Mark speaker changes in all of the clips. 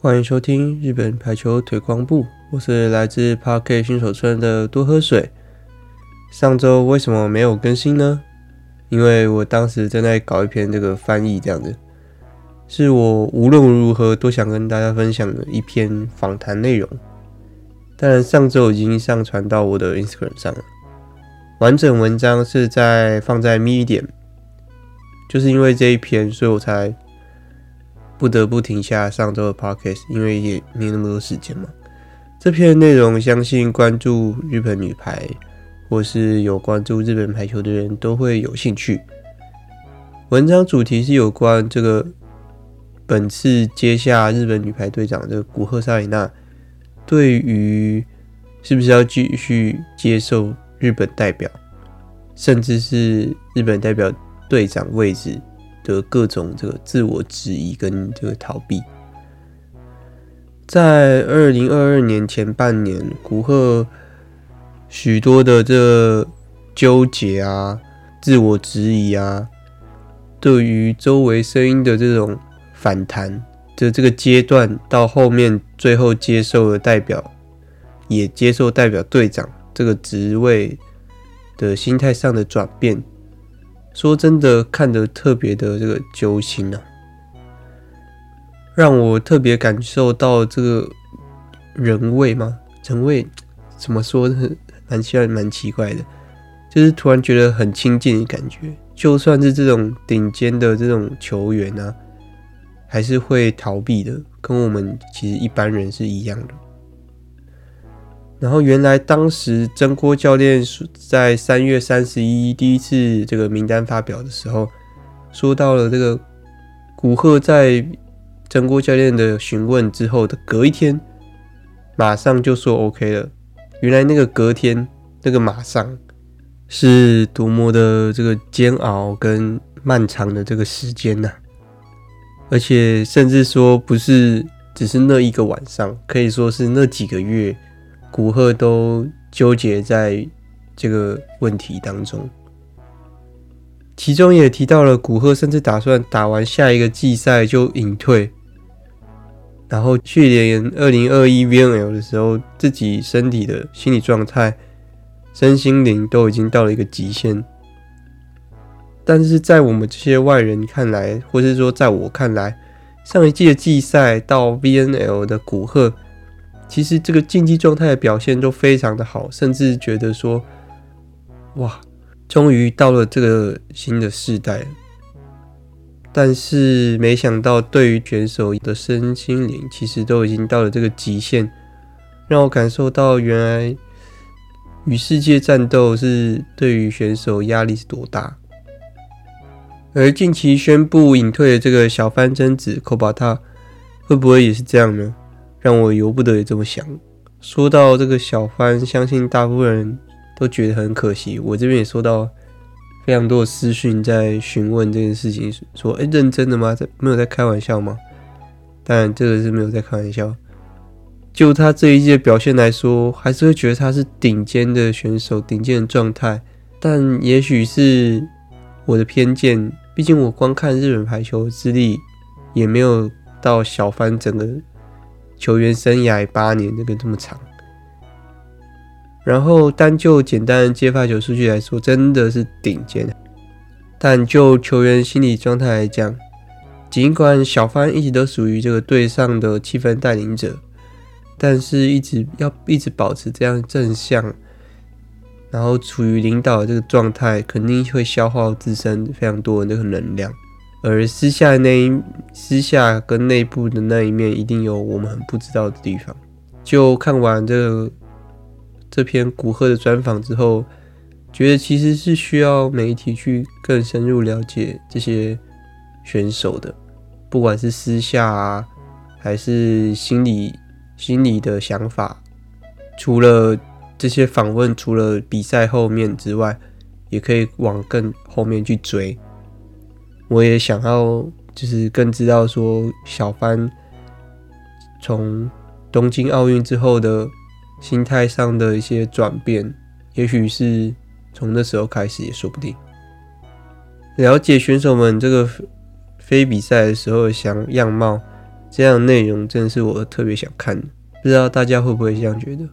Speaker 1: 歡迎收聽日本排球推廣部，我是來自 Park 新手村的多喝水。上週為什麼沒有更新呢？因為我當時正在搞一篇這個翻譯，這樣子是我無論如何都想跟大家分享的一篇訪談內容。當然，上週已經上傳到我的 Instagram 上了。完整文章是在放在 Medium，就是因為這一篇，所以我才不得不停下上週的 Podcast，因為也沒那麼多時間嘛。這篇內容相信關注日本女排。或是有關注日本排球的人都會有興趣。文章主題是有關這個本次接下日本女排隊長的古賀紗理那，對於是不是要繼續接受日本代表，甚至是日本代表隊長位置的各種這個自我質疑跟這個逃避，在二零二二年前半年，古賀。許多的這糾結啊，自我質疑啊，對於周圍聲音的這種反彈，就這個階段到後面最後接受了代表，也接受代表隊長這個職位的心態上的轉變，說真的看得特別的這個揪心啊，讓我特別感受到這個人味嗎？人味怎麼說呢？蠻奇，蠻奇怪的，就是突然覺得很親近的感覺。就算是這種頂尖的這種球員啊，還是會逃避的，跟我們其實一般人是一樣的。然後原來當時真鍋教練在三月三十一第一次這個名單發表的時候，說到了這個古賀在真鍋教練的詢問之後的隔一天，馬上就說 OK 了。原來那個隔天。那個馬上是多麼的這個煎熬跟漫長的這個時間呢、啊？而且甚至說不是只是那一個晚上，可以說是那幾個月，古賀都糾結在這個問題當中。其中也提到了古賀甚至打算打完下一個季賽就隱退。然後去年二零二一 VNL 的時候，自己身體的心理狀態。身心靈都已經到了一個極限，但是在我們這些外人看來，或是說在我看來，上一季的季賽到 VNL 的古賀，其實這個競技狀態的表現都非常的好，甚至覺得說，哇，終於到了這個新的世代。但是沒想到，對於選手的身心靈，其實都已經到了這個極限，讓我感受到原來。與世界戰鬥是對於選手壓力是多大？而近期宣布隱退的這個小幡真子、Kobata，會不會也是這樣呢？讓我由不得也這麼想。說到這個小幡，相信大部分人都覺得很可惜。我這邊也收到非常多的私訊在詢問這件事情，說：“誒，認真的嗎？在沒有在開玩笑嗎？”當然，這個是沒有在開玩笑。就他，這一季的表現來說，還是會覺得他是頂尖的選手，頂尖的狀態。但也許是我的偏見，畢竟我光看日本排球資歷也沒有到小帆整個球員生涯八年那個這麼長。然後單就簡單的接發球數據來說，真的是頂尖。但就球員心理狀態來講，儘管小帆一直都屬於這個隊上的氣氛帶領者。但是，一直要一直保持這樣正向，然後處於領導的這個狀態，肯定會消耗自身非常多的那個能量。而私下那一、私下跟內部的那一面，一定有我們很不知道的地方。就看完這個、這篇古賀的專訪之後，覺得其實是需要媒體去更深入了解這些選手的，不管是私下啊，還是心理。心裡的想法，除了這些訪問，除了比賽後面之外，也可以往更後面去追。我也想要，就是更知道說小帆從東京奧運之後的心態上的一些轉變，也許是從那時候開始也說不定。了解選手們這個非比賽的時候的樣貌。這樣的內容真的是我特別想看的，不知道大家會不會這樣覺得？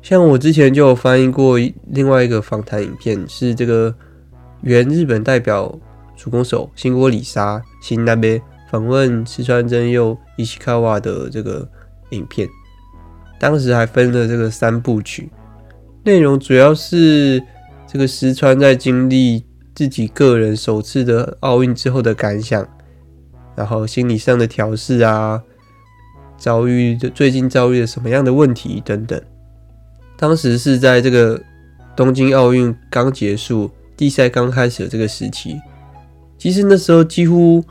Speaker 1: 像我之前就有翻譯過另外一個訪談影片，是這個原日本代表主攻手新鍋里沙新那邊訪問石川真佑伊西卡瓦的這個影片，當時還分了這個三部曲，內容主要是這個石川在經歷自己個人首次的奧運之後的感想。然後心理上的調適啊，遭遇最近遭遇了什麼樣的問題等等。當時是在這個東京奧運剛結束，地賽剛開始的這個時期。其實那時候幾乎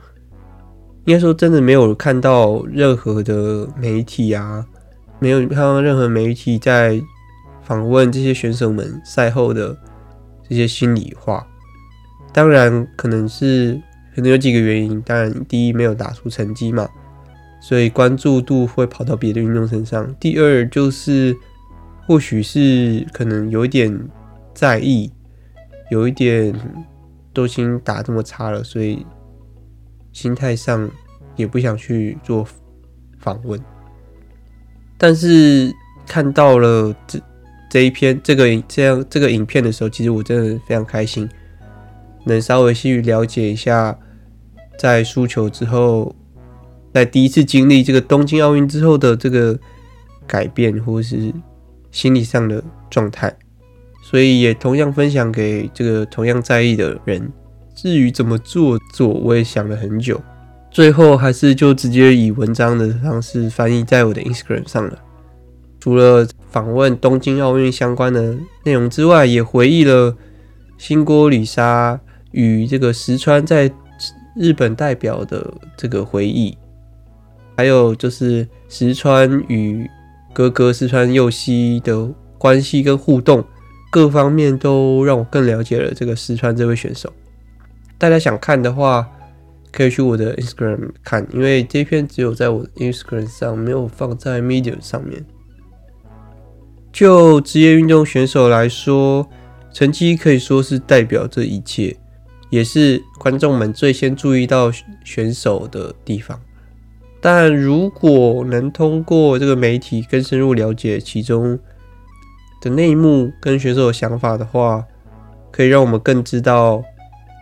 Speaker 1: 應該說真的沒有看到任何的媒體啊，沒有看到任何媒體在訪問這些選手們賽後的這些心裡話。當然，可能是。可能有幾個原因，當然第一沒有打出成績嘛，所以關注度會跑到別的運動身上。第二就是或許是可能有一點在意，有一點都已經打這麼差了，所以心態上也不想去做訪問。但是看到了這這一篇這個這樣這個影片的時候，其實我真的非常開心，能稍微去了解一下。在輸球之後，在第一次經歷這個東京奧運之後的這個改變，或是心理上的狀態，所以也同樣分享給這個同樣在意的人。至於怎麼做作，做我也想了很久，最後還是就直接以文章的方式翻譯在我的 Instagram 上了。除了訪問東京奧運相關的內容之外，也回憶了新鍋理沙與這個石川在。日本代表的這個回憶，還有就是石川與哥哥石川佑希的關係跟互動，各方面都讓我更了解了這個石川這位選手。大家想看的話，可以去我的 Instagram 看，因為這篇只有在我的 Instagram 上，沒有放在 Medium 上面。就職業運動選手來說，成績可以說是代表這一切。也是觀眾們最先注意到選手的地方，但如果能通過這個媒體更深入了解其中的內幕跟選手的想法的話，可以讓我們更知道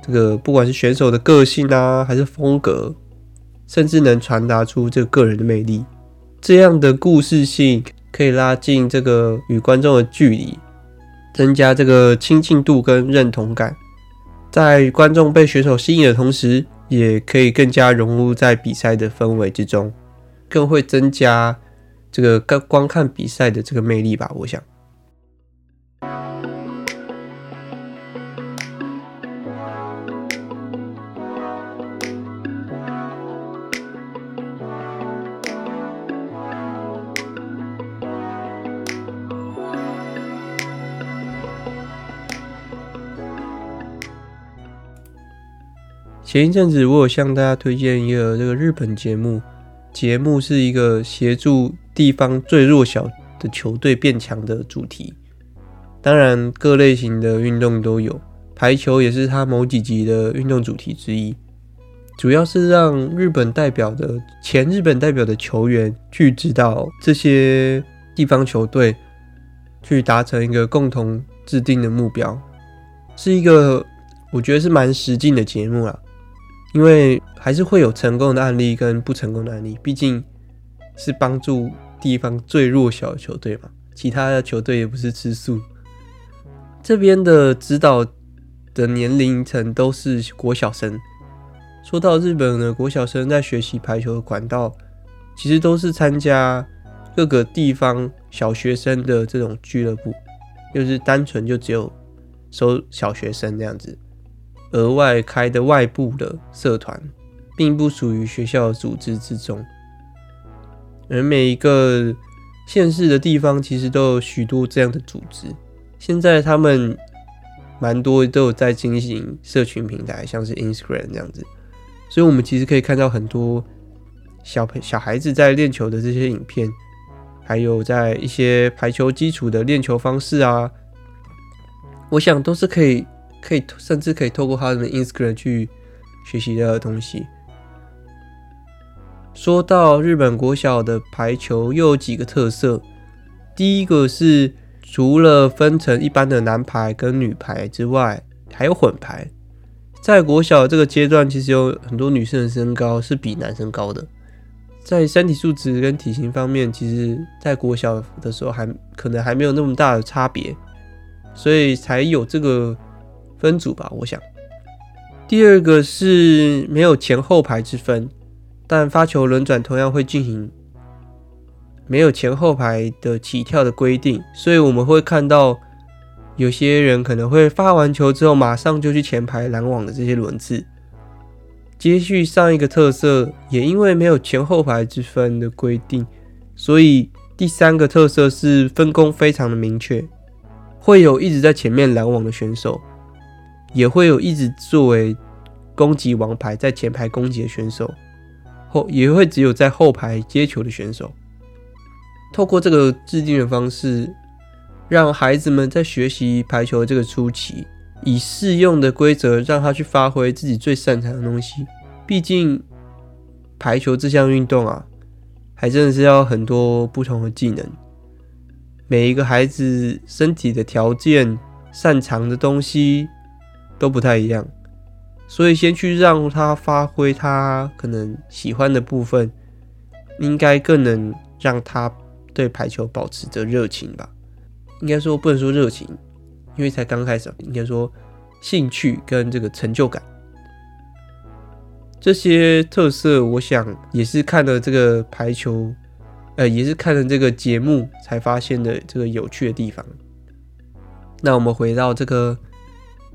Speaker 1: 這個不管是選手的個性啊，還是風格，甚至能傳達出這個個人的魅力。這樣的故事性可以拉近這個與觀眾的距離，增加這個親近度跟認同感。在觀眾被選手吸引的同時，也可以更加融入在比賽的氛圍之中，更會增加這個觀觀看比賽的這個魅力吧，我想。前一陣子，我有向大家推薦一個這個日本節目，節目是一個協助地方最弱小的球隊變強的主題，當然各類型的運動都有，排球也是它某幾集的運動主題之一。主要是讓日本代表的前日本代表的球員去指導這些地方球隊，去達成一個共同制定的目標，是一個我覺得是蠻實際的節目啦。因為還是會有成功的案例跟不成功的案例，畢竟是幫助地方最弱小的球隊嘛。其他的球隊也不是吃素。這邊的指導的年齡層都是國小生。說到日本的國小生在學習排球的管道，其實都是參加各個地方小學生的這種俱樂部，就是單純就只有收小學生這樣子。額外開的外部的社團，並不屬於學校的組織之中。而每一個縣市的地方，其實都有許多這樣的組織。現在他們蠻多都有在進行社群平台，像是 Instagram 這樣子。所以，我們其實可以看到很多小朋小孩子在練球的這些影片，還有在一些排球基礎的練球方式啊，我想都是可以。可以甚至可以透過他的 Instagram 去學習的東西。說到日本國小的排球，又有幾個特色。第一個是除了分成一般的男排跟女排之外，還有混排。在國小這個階段，其實有很多女生的身高是比男生高的，在身體素質跟體型方面，其實，在國小的時候還可能還沒有那麼大的差別，所以才有這個。分組吧，我想。第二個是沒有前後排之分，但發球輪轉同樣會進行，沒有前後排的起跳的規定，所以我們會看到有些人可能會發完球之後馬上就去前排攔網的這些輪次。接續上一個特色，也因為沒有前後排之分的規定，所以第三個特色是分工非常的明確，會有一直在前面攔網的選手。也會有一直作為攻擊王牌在前排攻擊的選手，後也會只有在後排接球的選手。透過這個制定的方式，讓孩子們在學習排球的這個初期，以適用的規則讓他去發揮自己最擅長的東西。畢竟排球這項運動啊，還真的是要很多不同的技能。每一個孩子身體的條件、擅長的東西。都不太一樣，所以先去讓他發揮他可能喜歡的部分，應該更能讓他對排球保持着熱情吧。應該說不能說熱情，因為才剛開始。應該說興趣跟這個成就感這些特色，我想也是看了這個排球，呃，也是看了這個節目才發現的這個有趣的地方。那我們回到這個。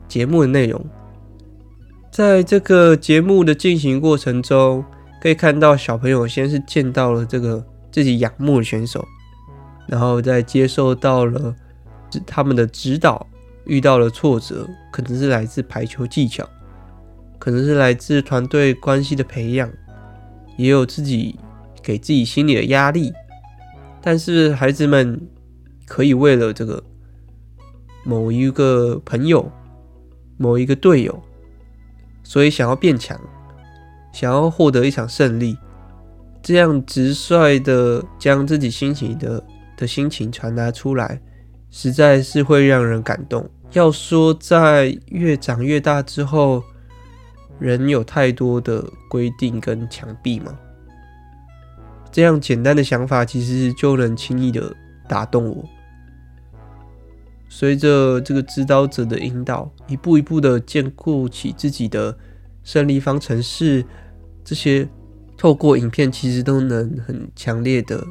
Speaker 1: 節目的內容，在這個節目的進行過程中，可以看到小朋友先是見到了這個自己仰慕的選手，然後再接受到了他們的指導，遇到了挫折，可能是來自排球技巧，可能是來自團隊關係的培養，也有自己給自己心理的壓力。但是孩子們可以為了這個某一個朋友，某一個隊友，所以想要變強，想要獲得一場勝利，這樣直率的將自己心情的的心情傳達出來，實在是會讓人感動。要說在越長越大之後，人有太多的規定跟牆壁嗎？這樣簡單的想法，其實就能輕易的打動我。隨着這個指導者，的引導，一步一步的建構起自己的勝利方程式。這些透過影片，其實都能很強烈的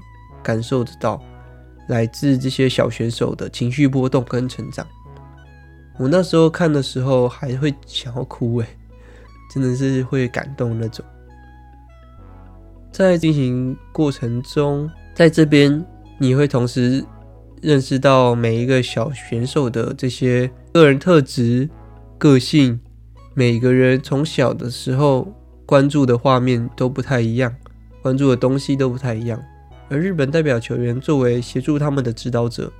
Speaker 1: 感受得到，來自這些小選手的情緒波動跟成長。我那時候看的時候，還會想要哭哎、欸，真的是會感動那種。在進行過程中，在這邊你會同時，認識到每一個小選手的這些個人特質、個性，每個人從小的時候關注的畫面都不太一樣，關注的東西都不太一樣。而日本代表球員作為協助他們的指導者，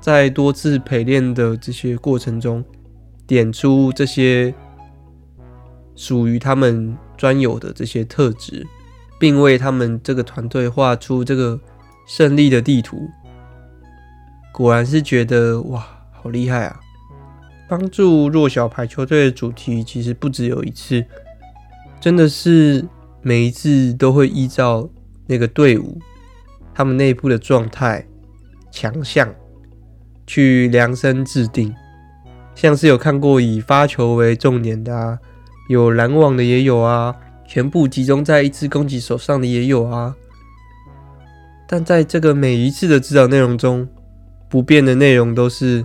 Speaker 1: 在多次陪練的這些過程中，點出這些屬於他們專有的這些特質，並為他們這個團隊畫出這個勝利的地圖。果然是覺得哇，好厲害啊！幫助弱小排球隊的主題其實不只有一次，真的是每一次都會依照那個隊伍他們內部的狀態、強項去量身制定。像是有看過以發球為重點的啊，有攔網的也有啊，全部集中在一支攻擊手上的也有啊。但在這個每一次的指導內容中，不變的內容都是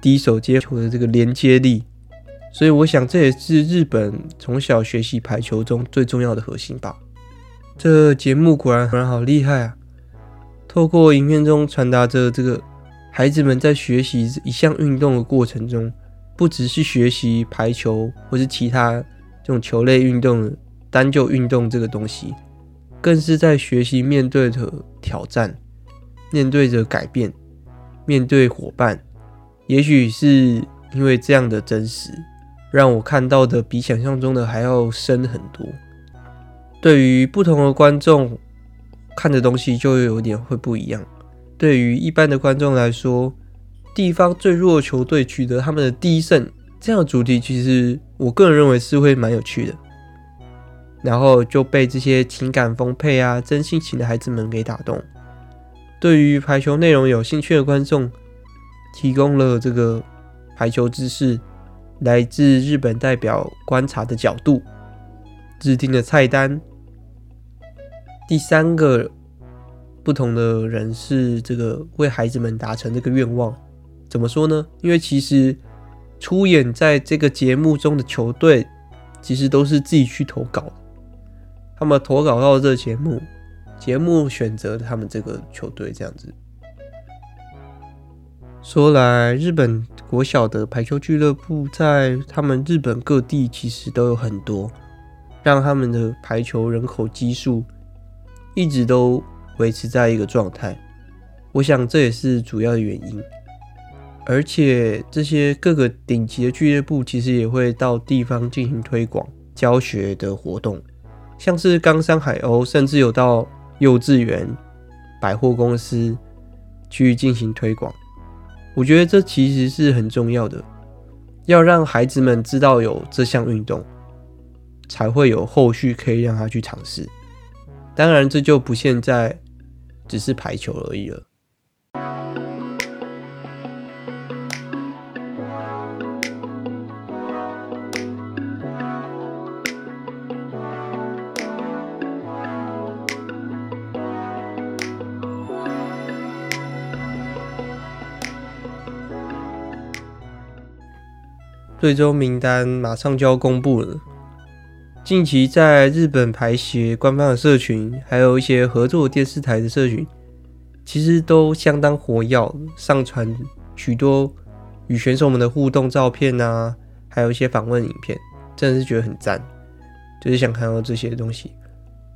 Speaker 1: 低手接球的這個連接力，所以我想這也是日本從小學習排球中最重要的核心吧。這節目果然果然好厲害啊！透過影片中傳達着，這個孩子們在學習一項運動的過程中，不只是學習排球或是其他這種球類運動的單就運動這個東西，更是在學習面對的挑戰。面對着改變，面對夥伴，也許是因為這樣的真實，讓我看到的比想象中的還要深很多。對於不同的觀眾，看的東西就有點會不一樣。對於一般的觀眾來說，地方最弱的球隊取得他們的第一勝，這樣的主題其實我個人認為是會蠻有趣的。然後就被這些情感豐沛啊、真性情的孩子們給打動。對於排球內容有興趣的觀眾，提供了這個排球知識，來自日本代表觀察的角度，制定的菜單。第三個不同的人是這個為孩子們達成這個願望，怎麼說呢？因為其實出演在這個節目中的球隊，其實都是自己去投稿，他們投稿到這個節目。節目選擇他們這個球隊，這樣子說來，日本國小的排球俱樂部在他們日本各地其實都有很多，讓他們的排球人口基數一直都維持在一個狀態。我想這也是主要的原因。而且這些各個頂級的俱樂部其實也會到地方進行推廣教學的活動，像是岡山海鷗，甚至有到。幼稚園、百貨公司去進行推廣，我覺得這其實是很重要的，要讓孩子們知道有這項運動，才會有後續可以讓他去嘗試。當然，這就不現在只是排球而已了。最終名單馬上就要公布了。近期在日本排協官方的社群，還有一些合作電視台的社群，其實都相當活躍，上傳許多與選手們的互動照片啊，還有一些訪問影片，真的是覺得很贊。就是想看到這些東西。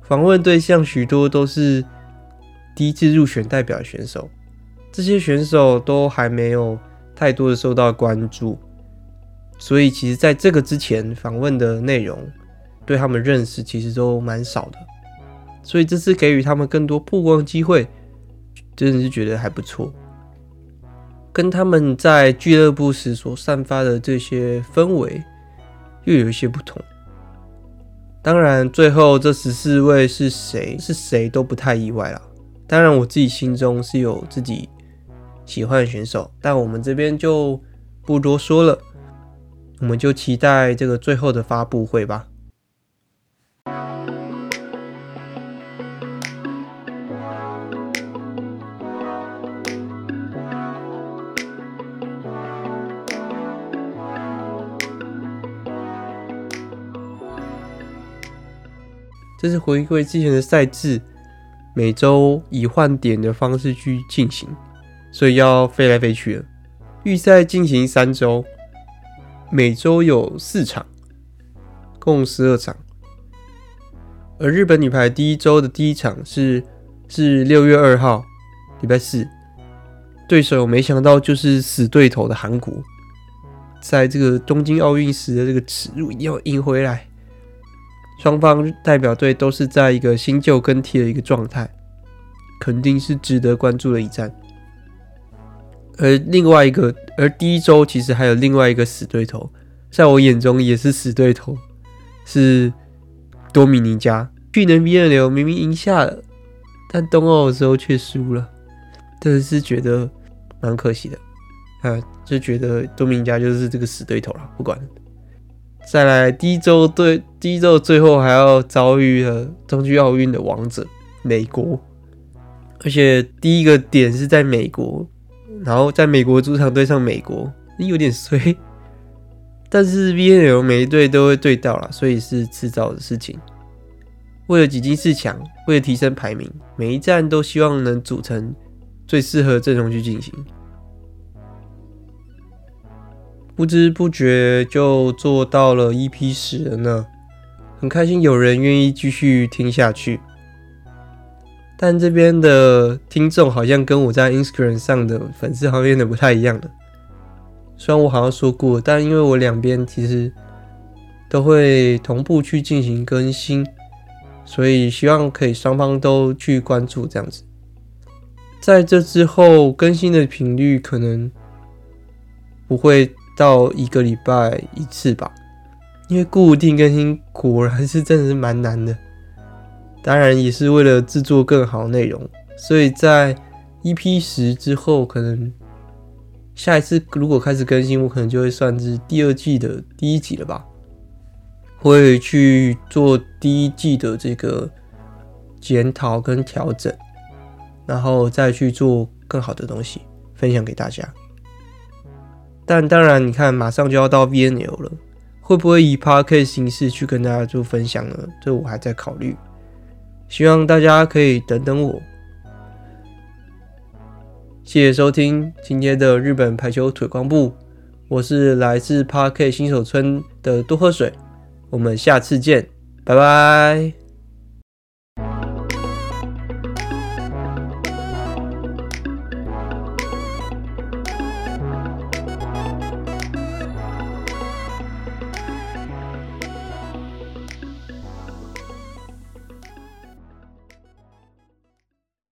Speaker 1: 訪問對象許多都是第一次入選代表的選手，這些選手都還沒有太多的受到的關注。所以其實，在這個之前訪問的內容，對他們認識其實都蠻少的。所以這次給予他們更多曝光機會，真的是覺得還不錯。跟他們在俱樂部時所散發的這些氛圍又有一些不同。當然，最後這十四位是誰是誰都不太意外啦，當然，我自己心中是有自己喜歡的選手，但我們這邊就不多說了。我們就期待這個最後的發布會吧。這是回歸之前的賽制，每週以換點的方式去進行，所以要飛來飛去了。預賽進行三週。每週有四場，共十二場。而日本女排第一周的第一場是是六月二號，禮拜四，對手沒想到就是死對頭的韓國，在這個東京奧運時的這個恥辱要贏回來。雙方代表隊都是在一個新舊更替的一個狀態，肯定是值得關注的一戰。而另外一個。而第一周其實還有另外一個死對頭，在我眼中也是死對頭，是多米尼加。去年 VNL 明明贏下了，但冬奧的時候卻輸了，真的是覺得蠻可惜的。啊，就覺得多米尼加就是這個死對頭了。不管，再來第一周對第一周最後還要遭遇了東京奧運的王者美國，而且第一個點是在美國。然後在美國主場對上美國，有點衰。但是 VNL 每一隊都會對到啦，所以是遲早的事情。為了擠進四強，為了提升排名，每一站都希望能組成最適合陣容去進行。不知不覺就做到了 EP10 了呢，很開心有人願意繼續聽下去。但這邊的聽眾好像跟我在 Instagram 上的粉絲好像有點不太一樣了。雖然我好像說過，但因為我兩邊其實都會同步去進行更新，所以希望可以雙方都去關注這樣子。在這之後，更新的頻率可能不會到一個禮拜一次吧，因為固定更新果然是真的是蠻難的。當然也是為了製作更好內容，所以在 EP 十之後，可能下一次如果開始更新，我可能就會算是第二季的第一集了吧。會去做第一季的這個檢討跟調整，然後再去做更好的東西分享給大家。但當然，你看，馬上就要到 V N L 了，會不會以 Podcast 形式去跟大家做分享呢？這我還在考慮。希望大家可以等等我，謝謝收聽今天的日本排球腿光步，我是來自 Park 新手村的多喝水，我們下次見，拜拜。